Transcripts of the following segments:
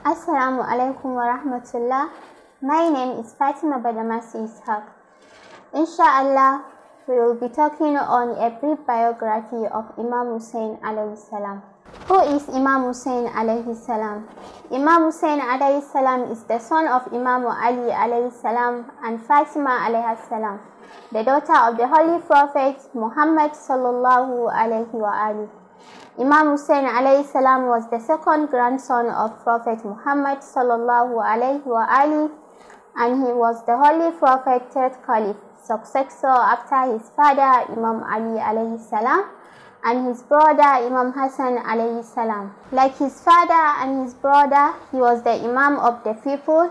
Assalamu alaikum wa rahmatullah. My name is Fatima Badamasi Ishaq. Insha'Allah, we will be talking on a brief biography of Imam Hussein alayhi salam. Who is Imam Hussein alayhi salam? Imam Hussein alayhi salam is the son of Imam Ali alayhi salam and Fatima alayhi salam, the daughter of the Holy Prophet Muhammad sallallahu alayhi wa Imam Hussein alayhi salam was the second grandson of Prophet Muhammad sallallahu alayhi wa ali, and he was the Holy Prophet third caliph, successor after his father Imam Ali alayhi salam and his brother Imam Hassan alayhi salam. Like his father and his brother, he was the Imam of the people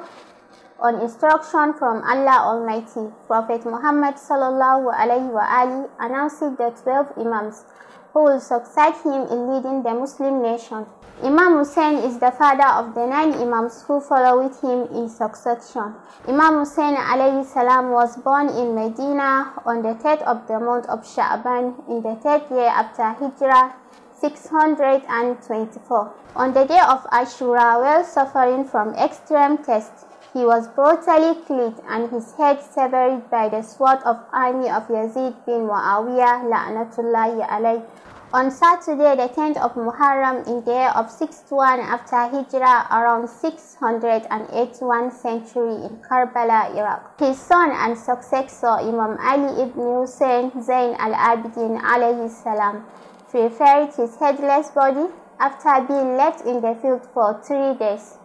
on instruction from Allah Almighty. Prophet Muhammad sallallahu alayhi wa ali announced the 12 Imams who will succeed him in leading the Muslim nation. Imam Hussein is the father of the nine Imams who follow with him in succession. Imam Hussein alayhi salam was born in Medina on the 3rd of the month of Sha'ban in the 3rd year after Hijrah 624. On the day of Ashura, while suffering from extreme thirst, he was brutally killed and his head severed by the sword of army of Yazid bin Muawiyah la'natullahi alayhi. On Saturday, the 10th of Muharram, in the year of 61 after Hijrah, around 681 century in Karbala, Iraq. His son and successor, Imam Ali ibn Hussein Zain al-Abidin alayhi salam, preferred his headless body after being left in the field for three days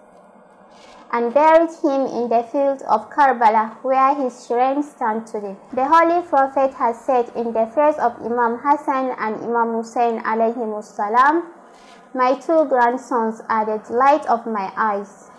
and buried him in the field of Karbala, where his shrine stands today. The Holy Prophet has said in the face of Imam Hassan and Imam Hussein salam, My two grandsons are the delight of my eyes.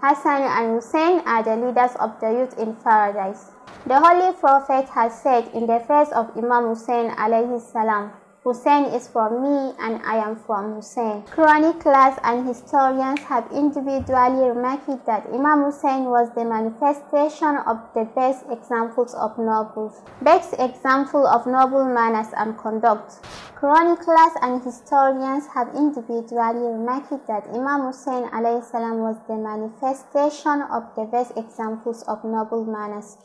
Hassan and Hussein are the leaders of the youth in paradise. The Holy Prophet has said in the face of Imam Hussein alayhi salam, Hussein is from me and I am from Hussein. Chroniclers and historians have individually remarked that Imam Hussein was the manifestation of the best examples of nobles, best example of noble manners and conduct. Chroniclers and historians have individually remarked that Imam Hussein was the manifestation of the best examples of noble manners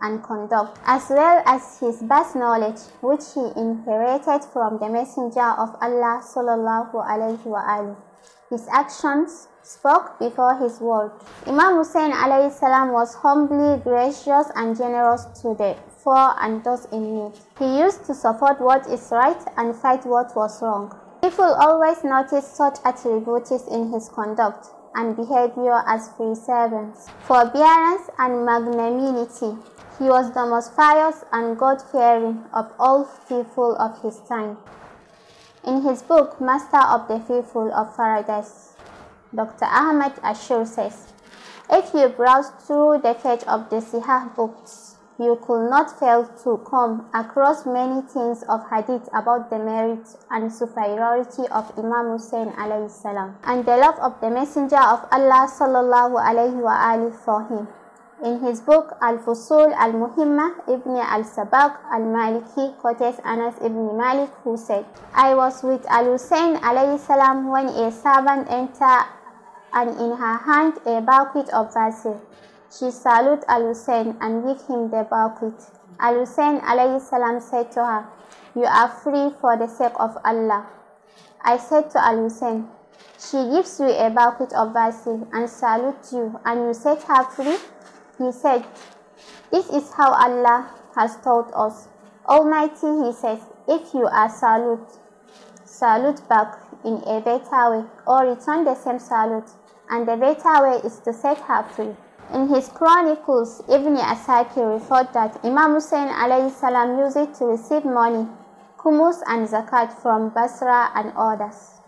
and conduct, as well as his vast knowledge which he inherited from the Messenger of Allah sallallahu alaihi wasallam. His actions spoke before his word. Imam Hussein alayhi salam was humbly gracious and generous to the poor and those in need. He used to support what is right and fight what was wrong. People always noticed such attributes in his conduct and behavior as free servants, forbearance and magnanimity. He was the most pious and God fearing of all people of his time. In his book, Master of the Faithful of Paradise, Dr. Ahmed Ashur says, If you browse through the page of the Sihah books, you could not fail to come across many things of hadith about the merit and superiority of Imam Hussein alayhi salam and the love of the Messenger of Allah sallallahu wa for him. In his book Al-Fusul Al-Muhimma, Ibn al-Sabaq al-Maliki quotes Anas ibn Malik who said, I was with Al-Hussein salam when a servant entered and in her hand a bucket of vessel. She saluted Al-Hussein and gave him the bucket. Al-Hussein salam said to her, You are free for the sake of Allah. I said to Al-Hussein, She gives you a bucket of vessel and salutes you and you set her free? He said, This is how Allah has taught us. Almighty, He says, if you are salute, salute back in a better way or return the same salute, and the better way is to set her free. In his chronicles, Ibn Asaki referred that Imam Hussein salam used it to receive money, kumus and zakat from Basra and others.